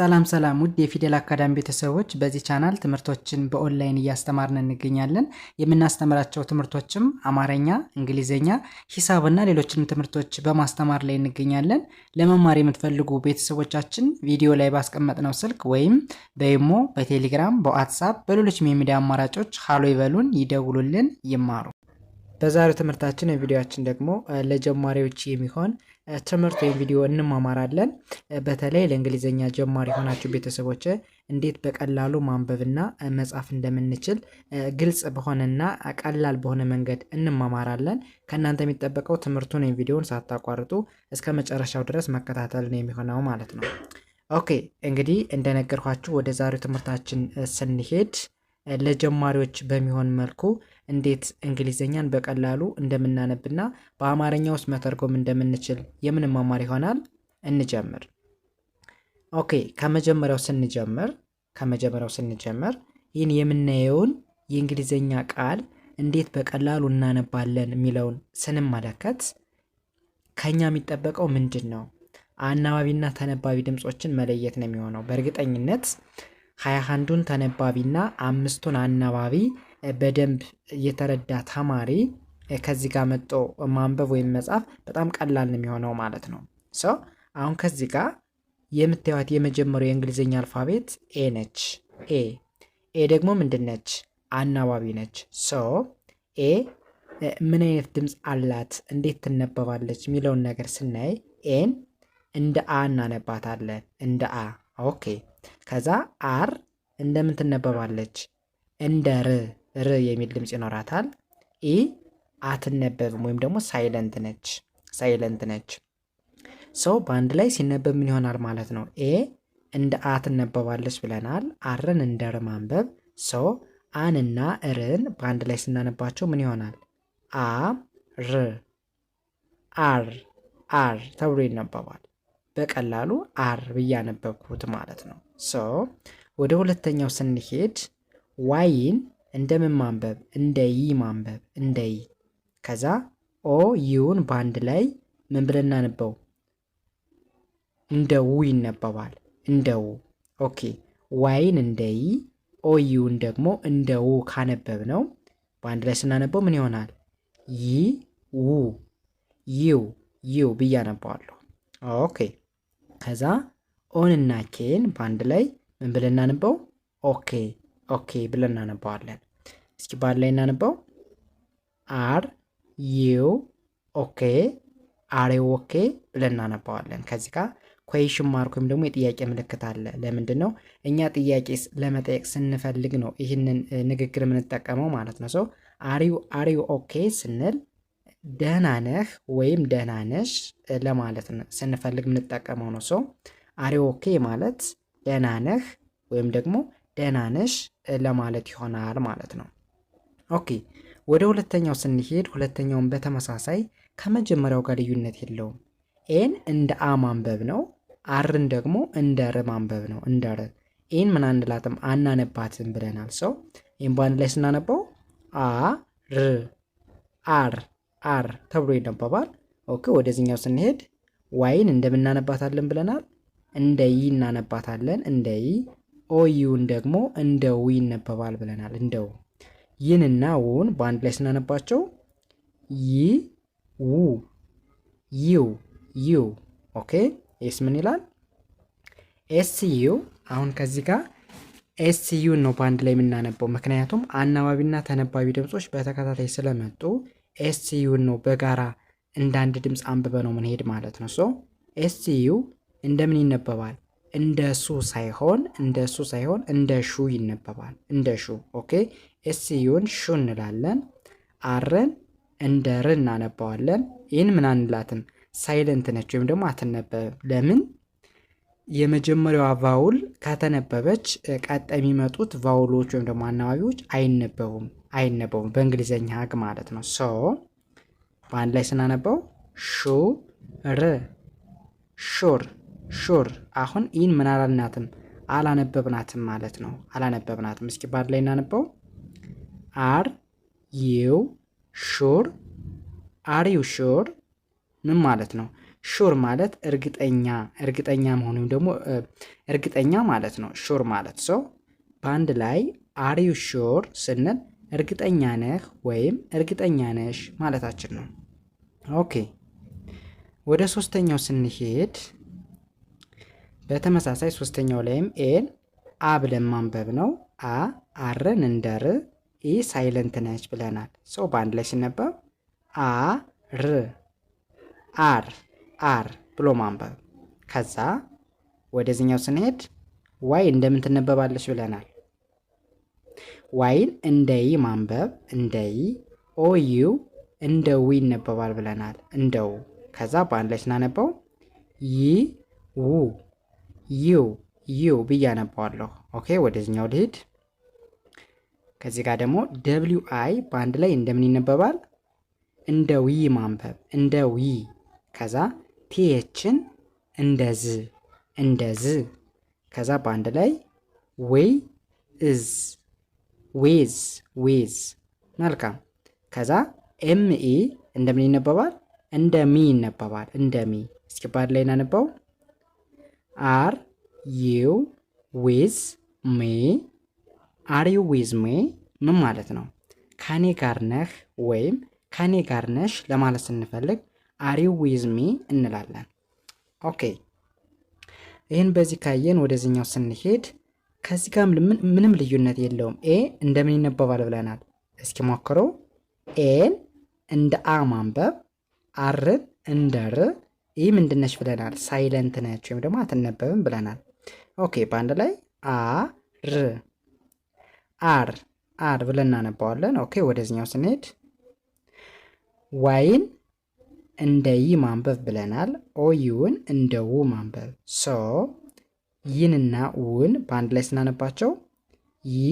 ሰላም ሰላም ውድ የፊደል አካዳሚ ቤተሰቦች፣ በዚህ ቻናል ትምህርቶችን በኦንላይን እያስተማርን እንገኛለን። የምናስተምራቸው ትምህርቶችም አማረኛ እንግሊዝኛ፣ ሂሳብና ሌሎችንም ትምህርቶች በማስተማር ላይ እንገኛለን። ለመማር የምትፈልጉ ቤተሰቦቻችን ቪዲዮ ላይ ባስቀመጥ ነው ስልክ ወይም በኢሞ፣ በቴሌግራም፣ በዋትሳፕ፣ በሌሎችም የሚዲያ አማራጮች ሀሎ ይበሉን፣ ይደውሉልን፣ ይማሩ። በዛሬው ትምህርታችን ቪዲዮችን ደግሞ ለጀማሪዎች የሚሆን ትምህርት ወይም ቪዲዮ እንማማራለን። በተለይ ለእንግሊዝኛ ጀማሪ የሆናችሁ ቤተሰቦች እንዴት በቀላሉ ማንበብና መጻፍ እንደምንችል ግልጽ በሆነና ቀላል በሆነ መንገድ እንማማራለን። ከእናንተ የሚጠበቀው ትምህርቱን ወይም ቪዲዮን ሳታቋርጡ እስከ መጨረሻው ድረስ መከታተል ነው የሚሆነው ማለት ነው። ኦኬ እንግዲህ እንደነገርኳችሁ ወደ ዛሬው ትምህርታችን ስንሄድ ለጀማሪዎች በሚሆን መልኩ እንዴት እንግሊዝኛን በቀላሉ እንደምናነብና በአማርኛ ውስጥ መተርጎም እንደምንችል የምንማማር ይሆናል። እንጀምር። ኦኬ ከመጀመሪያው ስንጀምር ከመጀመሪያው ስንጀምር ይህን የምናየውን የእንግሊዝኛ ቃል እንዴት በቀላሉ እናነባለን የሚለውን ስንመለከት ከኛ የሚጠበቀው ምንድን ነው? አናባቢና ተነባቢ ድምፆችን መለየት ነው የሚሆነው። በእርግጠኝነት ሀያ አንዱን ተነባቢና አምስቱን አናባቢ በደንብ የተረዳ ተማሪ ከዚህ ጋር መጦ ማንበብ ወይም መጻፍ በጣም ቀላል የሚሆነው ማለት ነው። ሶ አሁን ከዚህ ጋር የምታዩት የመጀመሪያው የእንግሊዝኛ አልፋቤት ኤ ነች። ኤ ኤ ደግሞ ምንድን ነች? አናባቢ ነች። ሶ ኤ ምን አይነት ድምፅ አላት፣ እንዴት ትነበባለች የሚለውን ነገር ስናይ ኤን እንደ አ እናነባታለን። እንደ አ ኦኬ ከዛ አር እንደምን ትነበባለች? እንደ ር ር የሚል ድምፅ ይኖራታል። ኢ አትነበብም ወይም ደግሞ ሳይለንት ነች ሳይለንት ነች። ሰው በአንድ ላይ ሲነበብ ምን ይሆናል ማለት ነው? ኤ እንደ አ ትነበባለች ብለናል። አርን እንደ ር ማንበብ ሰው አንና እርን በአንድ ላይ ስናነባቸው ምን ይሆናል? አ ር አር አር ተብሎ ይነበባል። በቀላሉ አር ብያነበብኩት ማለት ነው። ሶ ወደ ሁለተኛው ስንሄድ ዋይን እንደምን ማንበብ እንደ ይ ማንበብ እንደ ይ ከዛ ኦ ዩን በአንድ ላይ ምን ብለን እናነበው? እንደ ው ይነበባል። እንደ ው። ኦኬ ዋይን እንደ ይ ኦ ዩን ደግሞ እንደ ው ካነበብ ነው በአንድ ላይ ስናነበው ምን ይሆናል? ይ ው ይው ይው ብያነባዋለሁ። ኦኬ ከዛ ኦን እና ኬን በአንድ ላይ ምን ብለን እናንበው? ኦኬ ኦኬ ብለን እናነባዋለን። እስኪ በአንድ ላይ እናንበው። አር ዩ ኦኬ አሬ ኦኬ ብለን እናነባዋለን። ከዚህ ጋር ኮሽን ማርክ ወይም ደግሞ የጥያቄ ምልክት አለ። ለምንድን ነው እኛ ጥያቄ ለመጠየቅ ስንፈልግ ነው ይህንን ንግግር የምንጠቀመው ማለት ነው። ሰው አሪው አሪው ኦኬ ስንል ደህና ነህ ወይም ደህና ነሽ ለማለት ስንፈልግ የምንጠቀመው ነው። ሰው አሪዎኬ ማለት ደህና ነህ ወይም ደግሞ ደህና ነሽ ለማለት ይሆናል ማለት ነው። ኦኬ ወደ ሁለተኛው ስንሄድ ሁለተኛውን በተመሳሳይ ከመጀመሪያው ጋር ልዩነት የለውም። ኤን እንደ አ ማንበብ ነው። አርን ደግሞ እንደ ር ማንበብ ነው። እንደ ር ኤን ምን አንላትም አናነባትም ብለናል። ሰው ይህም በአንድ ላይ ስናነባው አ ር አር አር ተብሎ ይነበባል። ኦኬ ወደዚህኛው ስንሄድ ዋይን እንደምናነባታለን ብለናል። እንደ ይ እናነባታለን። እንደ ይ ኦዩን ደግሞ እንደ ዊ ይነበባል ብለናል። እንደው ይንና ውን በአንድ ላይ ስናነባቸው ይ ው ዩ ዩ። ኦኬ ኤስ ምን ይላል? ኤስ ዩ። አሁን ከዚህ ጋር ኤስ ዩን ነው በአንድ ላይ የምናነበው፣ ምክንያቱም አናባቢና ተነባቢ ድምጾች በተከታታይ ስለመጡ ኤስሲዩን ነው በጋራ እንደ አንድ ድምፅ አንብበ ነው ምንሄድ ማለት ነው። ሶ ኤስሲዩ እንደምን ይነበባል? እንደ ሱ ሳይሆን እንደ ሱ ሳይሆን እንደ ሹ ይነበባል። እንደ ሹ ኦኬ። ኤስሲዩን ሹ እንላለን። አርን እንደ ር እናነባዋለን። ይህን ምን አንላትም፣ ሳይለንት ነች ወይም ደግሞ አትነበብም። ለምን የመጀመሪያዋ ቫውል ከተነበበች ቀጥ የሚመጡት ቫውሎች ወይም ደግሞ አናባቢዎች አይነበቡም አይነበቡም በእንግሊዝኛ ሀግ ማለት ነው። ሶ በአንድ ላይ ስናነበው ር ሹር ሹር። አሁን ይህን ምን አላልናትም አላነበብናትም ማለት ነው። አላነበብናትም። እስኪ በአንድ ላይ እናነበው። አር ዩ ሹር፣ አር ዩ ሹር ምን ማለት ነው? ሹር ማለት እርግጠኛ እርግጠኛ መሆን ወይም ደግሞ እርግጠኛ ማለት ነው። ሹር ማለት ሰው በአንድ ላይ አሪዩ ሹር ስንል እርግጠኛ ነህ ወይም እርግጠኛ ነሽ ማለታችን ነው። ኦኬ ወደ ሶስተኛው ስንሄድ በተመሳሳይ ሶስተኛው ላይም ኤን አ ብለን ማንበብ ነው። አ አርን እንደር ኢ ሳይለንት ነች ብለናል። ሰው በአንድ ላይ ሲነበብ አ ር አር አር ብሎ ማንበብ። ከዛ ወደዚኛው ስንሄድ ዋይ እንደምን ትነበባለች ብለናል። ዋይን እንደይ ማንበብ እንደይ። ኦዩ እንደ ዊ ይነበባል ብለናል፣ እንደው። ከዛ በአንድ ላይ ስናነበው ይ ው ዩ ዩ ብዬ አነባዋለሁ። ኦኬ ወደዚኛው ልሂድ። ከዚህ ጋር ደግሞ ደብሊው አይ በአንድ ላይ እንደምን ይነበባል? እንደ ዊ ማንበብ እንደ ዊ ከዛ ቲኤችን እንደዝ እንደዝ እንደ ከዛ በአንድ ላይ ወይ እዝ ዌዝ ዌዝ። መልካም። ከዛ ኤምኢ እንደምን ይነበባል? እንደ ሚ ይነበባል። እንደ ሚ። እስኪ ባድ ላይ እናነባው። አር ዩ ዊዝ ሜ አር ዩ ዊዝ ሜ ምን ማለት ነው? ከኔ ጋር ነህ ወይም ከኔ ጋር ነሽ ለማለት ስንፈልግ አሪው ሚ እንላለን። ኦኬ ይህን በዚህ ካየን ወደዚህኛው ስንሄድ ከዚህ ጋር ምንም ልዩነት የለውም። ኤ እንደምን ይነበባል ብለናል። እስኪ ሞክረው። ኤን እንደ አ ማንበብ፣ አርን እንደ ር። ይህ ምንድነች ብለናል? ሳይለንት ነች ወይም ደግሞ አትነበብም ብለናል። ኦኬ በአንድ ላይ አ ር አር አር ብለን እናነባዋለን። ኦኬ ወደዚኛው ስንሄድ ዋይን እንደ ይ ማንበብ ብለናል። ኦዩን እንደ ው ማንበብ ሶ ይንና ውን በአንድ ላይ ስናነባቸው ይ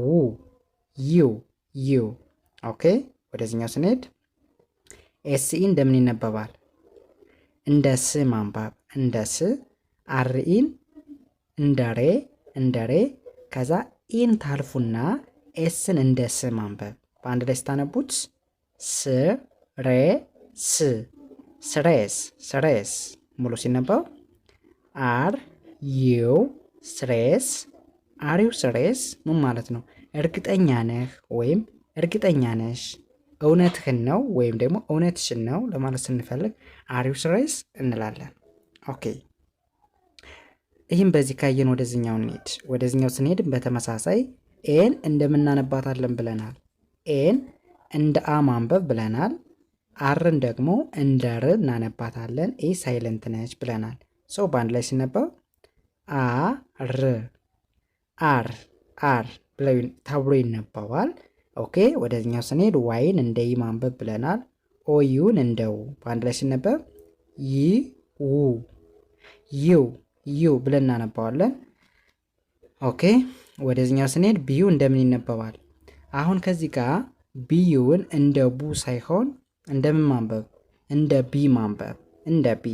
ው ዩ ዩ። ኦኬ ወደዚኛው ስንሄድ ኤስኢ እንደምን ይነበባል? እንደ ስ ማንበብ እንደ ስ። አርኢን እንደ ሬ እንደ ሬ። ከዛ ኢን ታልፉና ኤስን እንደ ስ ማንበብ በአንድ ላይ ስታነቡት ስ ሬ ስ ስሬስ ስሬስ ሙሉ ሲነበው አር ዩ ስሬስ አሪው ስሬስ ምን ማለት ነው? እርግጠኛ ነህ ወይም እርግጠኛ ነሽ፣ እውነትህን ነው ወይም ደግሞ እውነትሽን ነው ለማለት ስንፈልግ አሪው ስሬስ እንላለን። ኦኬ ይህም በዚህ ካየን ወደዚኛው እንሄድ። ወደዚኛው ስንሄድ በተመሳሳይ ኤን እንደምናነባታለን ብለናል። ኤን እንደ አ ማንበብ ብለናል። አርን ደግሞ እንደ ር እናነባታለን። ኤ ሳይለንት ነች ብለናል። ሰው በአንድ ላይ ሲነበብ አ ር አር አር ተብሎ ይነበባል። ኦኬ ወደዚኛው ስንሄድ ዋይን እንደ ይ ማንበብ ብለናል። ኦዩን እንደ ው በአንድ ላይ ሲነበብ ይ ው ይው ዩ ብለን እናነባዋለን። ኦኬ ወደዚኛው ስንሄድ ቢዩ እንደምን ይነበባል? አሁን ከዚህ ጋር ቢዩውን እንደ ቡ ሳይሆን እንደምን ማንበብ እንደ ቢ ማንበብ እንደ ቢ።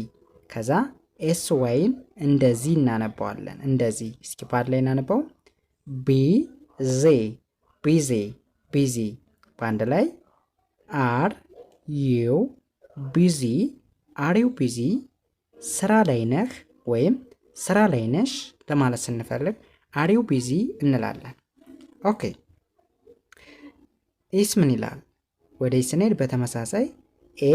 ከዛ ኤስ ወይን እንደዚህ እናነባዋለን። እንደዚህ እስኪ ባድ ላይ እናነበው። ቢ ዜ ቢዜ ቢዚ። በአንድ ላይ አር ዩ ቢዚ አር ዩ ቢዚ። ስራ ላይ ነህ ወይም ስራ ላይ ነሽ ለማለት ስንፈልግ አር ዩ ቢዚ እንላለን። ኦኬ። ኢስ ምን ይላል? ወደ ስንሄድ በተመሳሳይ ኤ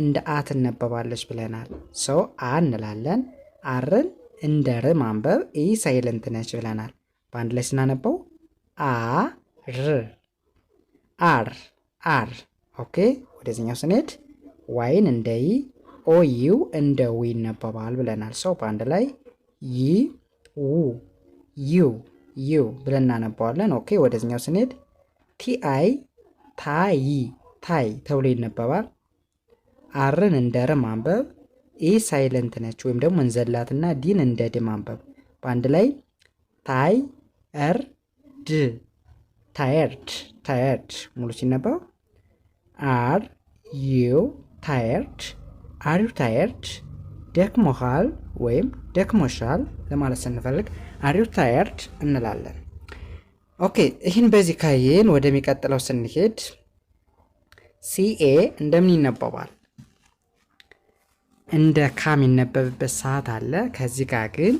እንደ አ ትነበባለች ብለናል። ሰው አ እንላለን። አርን እንደ ር ማንበብ ኢ ሳይለንት ነች ብለናል። በአንድ ላይ ስናነበው አ ር አር አር። ኦኬ ወደዚኛው ስንሄድ ዋይን እንደ ይ ኦ ዩ እንደ ዊ ይነበባል ብለናል። ሰው በአንድ ላይ ይ ው ዩ ዩ ብለን እናነበዋለን። ኦኬ ወደዚኛው ስንሄድ ቲ አይ ታይ ታይ ተብሎ ይነበባል። አርን እንደ ር ማንበብ፣ ኤ ሳይለንት ነች ወይም ደግሞ እንዘላትና ዲን እንደ ድ ማንበብ። በአንድ ላይ ታይ እር ድ ታየርድ ታየርድ ሙሉ ሲነበብ አር ዩ ታየርድ አር ዩ ታየርድ ደክሞሃል ወይም ደክሞሻል ለማለት ስንፈልግ አር ዩ ታየርድ እንላለን። ኦኬ ይህን በዚህ ካየን ወደሚቀጥለው ስንሄድ ሲኤ እንደምን ይነበባል? እንደ ካ የሚነበብበት ሰዓት አለ። ከዚህ ጋር ግን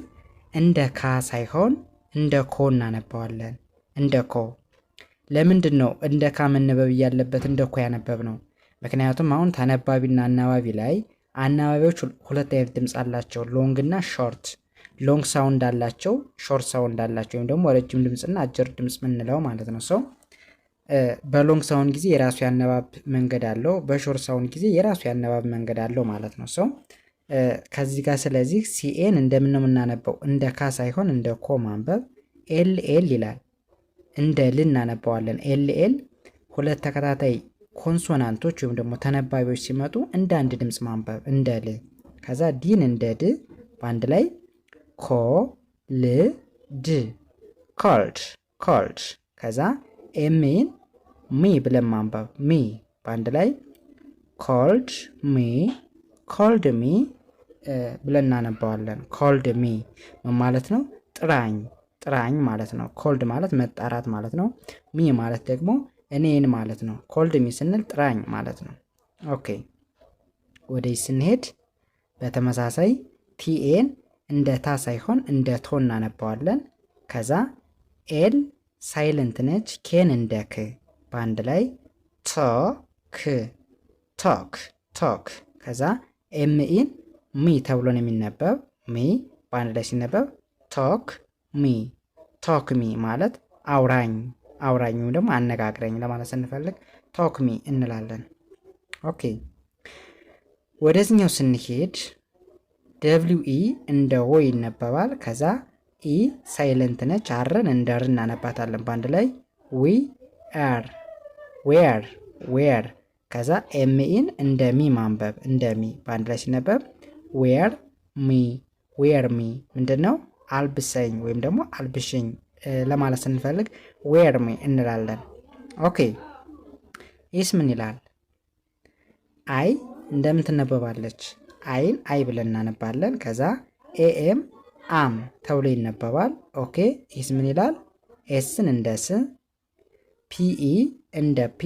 እንደ ካ ሳይሆን እንደ ኮ እናነባዋለን። እንደ ኮ ለምንድን ነው እንደ ካ መነበብ እያለበት እንደ ኮ ያነበብ ነው? ምክንያቱም አሁን ተነባቢና አናባቢ ላይ አናባቢዎች ሁለት አይነት ድምፅ አላቸው፣ ሎንግ እና ሾርት ሎንግ ሳውንድ አላቸው፣ ሾርት ሳውንድ አላቸው፣ ወይም ደግሞ ረጅም ድምፅና አጭር ድምፅ ምንለው ማለት ነው። ሰው በሎንግ ሳውንድ ጊዜ የራሱ ያነባብ መንገድ አለው፣ በሾርት ሳውንድ ጊዜ የራሱ ያነባብ መንገድ አለው ማለት ነው። ሰው ከዚህ ጋር ስለዚህ ሲኤን እንደምን ነው የምናነበው? እንደ ካ ሳይሆን እንደ ኮ ማንበብ። ኤል ኤል ይላል እንደ ል እናነባዋለን። ኤል ኤል ሁለት ተከታታይ ኮንሶናንቶች ወይም ደግሞ ተነባቢዎች ሲመጡ እንደ አንድ ድምፅ ማንበብ እንደ ል፣ ከዛ ዲን እንደ ድ በአንድ ላይ ኮ ል ድ ኮልድ ኮልድ። ከዛ ኤሜን ሚ ብለን ማንበብ ሚ በአንድ ላይ ኮልድ ሚ ኮልድ ሚ ብለን እናነባዋለን። ኮልድ ሚ ምን ማለት ነው? ጥራኝ ጥራኝ ማለት ነው። ኮልድ ማለት መጣራት ማለት ነው። ሚ ማለት ደግሞ እኔን ማለት ነው። ኮልድ ሚ ስንል ጥራኝ ማለት ነው። ኦኬ ወደ ስንሄድ በተመሳሳይ ቲኤን እንደ ታ ሳይሆን እንደ ቶ እናነባዋለን። ከዛ ኤል ሳይለንት ነች፣ ኬን እንደ ክ በአንድ ላይ ቶ ክ ቶክ ቶክ። ከዛ ኤምኢን ሚ ተብሎ ነው የሚነበብ። ሚ በአንድ ላይ ሲነበብ ቶክ ሚ ቶክ ሚ ማለት አውራኝ አውራኝ ወይም ደግሞ አነጋግረኝ ለማለት ስንፈልግ ቶክ ሚ እንላለን። ኦኬ ወደዚህኛው ስንሄድ ደብሊው ኢ እንደ ወ ይነበባል። ከዛ ኢ ሳይለንት ነች። አርን እንደ ር እናነባታለን በአንድ ላይ ዊ አር ዌር ዌር። ከዛ ኤምኢን እንደ ሚ ማንበብ እንደ ሚ በአንድ ላይ ሲነበብ ዌር ሚ ዌር ሚ ምንድን ነው? አልብሰኝ ወይም ደግሞ አልብሽኝ ለማለት ስንፈልግ ዌር ሚ እንላለን። ኦኬ ይስ ምን ይላል? አይ እንደምን ትነበባለች? አይን አይ ብለን እናነባለን። ከዛ ኤኤም አም ተብሎ ይነበባል። ኦኬ ይህስ ምን ይላል? ኤስን እንደ ስ፣ ፒኢ እንደ ፒ፣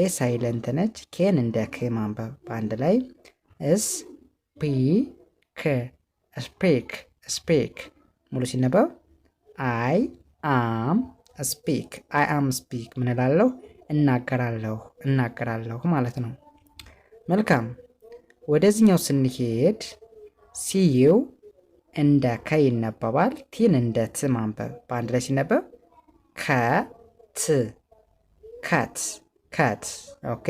ኤ ሳይለንት ነች፣ ኬን እንደ ክ ማንበብ በአንድ ላይ እስ ፒ ክ ስፔክ ስፔክ ሙሉ ሲነበብ አይ አም ስፒክ አይ አም ስፒክ ምንላለሁ? እናገራለሁ እናገራለሁ ማለት ነው። መልካም ወደዚህኛው ስንሄድ ሲዩ እንደ ከ ይነበባል። ቲን እንደ ት ማንበብ በአንድ ላይ ሲነበብ ከት ከት ከት። ኦኬ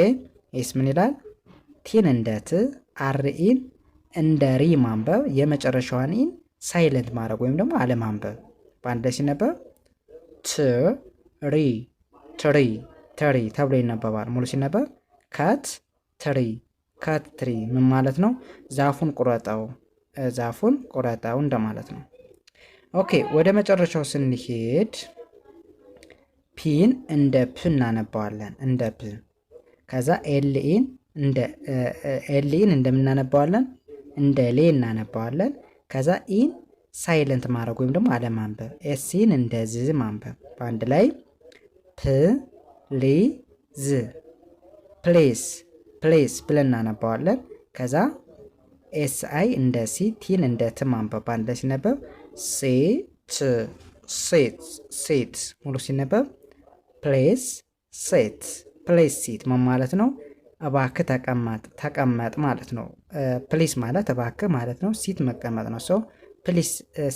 ይስ ምን ይላል? ቲን እንደ ት አርኢን እንደ ሪ ማንበብ የመጨረሻዋን ኢን ሳይለንት ማድረግ ወይም ደግሞ አለማንበብ በአንድ ላይ ሲነበብ ት ሪ ትሪ ትሪ ተብሎ ይነበባል። ሙሉ ሲነበብ ከት ትሪ ካት ትሪ ምን ማለት ነው? ዛፉን ቁረጠው፣ ዛፉን ቁረጠው እንደማለት ነው። ኦኬ ወደ መጨረሻው ስንሄድ ፒን እንደ ፕ እናነባዋለን፣ እንደ ፕ። ከዛ ኤልኢን እንደ ኤልኢን እንደምናነባዋለን እንደ ሌ እናነባዋለን። ከዛ ኢን ሳይለንት ማድረግ ወይም ደግሞ አለማንበብ፣ ኤስኢን እንደ ዝ ማንበብ። በአንድ ላይ ፕ ሊ ዝ ፕሌስ ፕሌስ ብለን እናነባዋለን። ከዛ ኤስ አይ እንደ ሲ ቲን እንደ ት ማንበብ አንድ ላይ ሲነበብ ሴት ሴት ሴት ሙሉ ሲነበብ ፕሌስ ሴት ፕሌስ ሴት ማለት ነው። እባክ ተቀመጥ ተቀመጥ ማለት ነው። ፕሊስ ማለት እባክ ማለት ነው። ሲት መቀመጥ ነው። ሰው ፕሊስ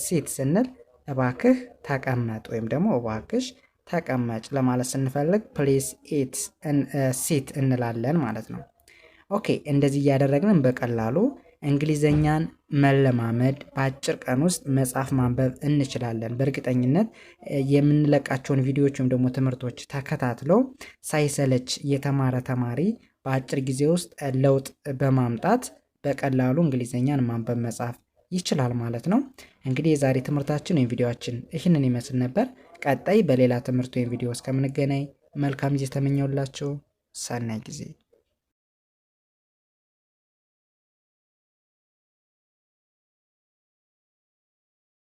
ሲት ስንል እባክህ ተቀመጥ ወይም ደግሞ እባክሽ ተቀመጭ ለማለት ስንፈልግ ፕሊስ ኢት ሲት እንላለን ማለት ነው። ኦኬ እንደዚህ እያደረግንም በቀላሉ እንግሊዘኛን መለማመድ በአጭር ቀን ውስጥ መጻፍ ማንበብ እንችላለን። በእርግጠኝነት የምንለቃቸውን ቪዲዮዎች ወይም ደግሞ ትምህርቶች ተከታትለው ሳይሰለች የተማረ ተማሪ በአጭር ጊዜ ውስጥ ለውጥ በማምጣት በቀላሉ እንግሊዘኛን ማንበብ መጻፍ ይችላል ማለት ነው። እንግዲህ የዛሬ ትምህርታችን ወይም ቪዲዮችን ይህንን ይመስል ነበር። ቀጣይ በሌላ ትምህርት ወይም ቪዲዮ እስከምንገናኝ መልካም ጊዜ ተመኘውላችሁ። ሰናይ ጊዜ